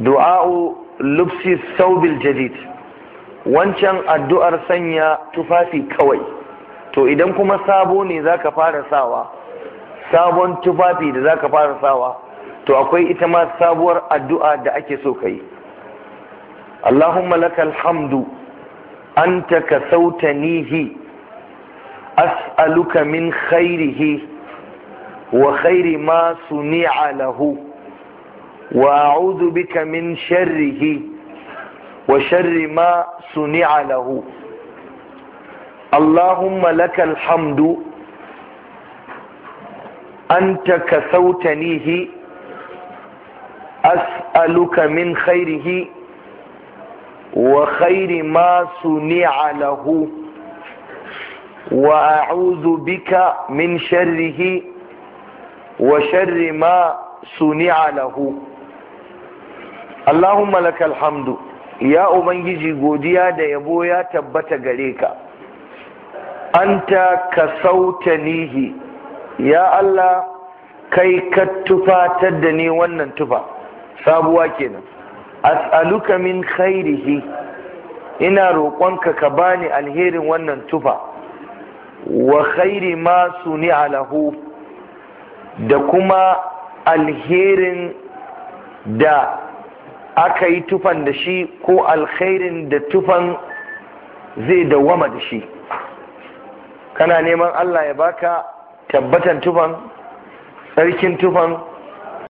du'a'u lubsi saubil jadid wancan addu'ar sanya tufafi kawai to idan kuma sabo ne zaka fara sawa sabon tufafi da zaka fara sawa to akwai ita ma sabuwar addu'a da ake so kai Allahumma lakal hamdu anta kasautanihi as'aluka min khairihi wa khairi ma suni'a lahu وأعوذ بك من شره وشر ما صنع له اللهم لك الحمد أنت كسوتنيه أسألك من خيره وخير ما صنع له وأعوذ بك من شره وشر ما صنع له Allahumma lakal hamdu ya ubangiji godiya da yabo ya tabbata gare ka anta kasautanihi ya Allah kai ka tufatar da ni wannan tufa sabuwa kenan as'aluka min khairihi ina roƙonka ka bani alherin wannan tufa wa khairi ma suni alahu da kuma alherin da aka yi tufan da shi ko alkhairin da tufan zai dawama da shi kana neman Allah ya baka tabbatan tufan tsarkin tufan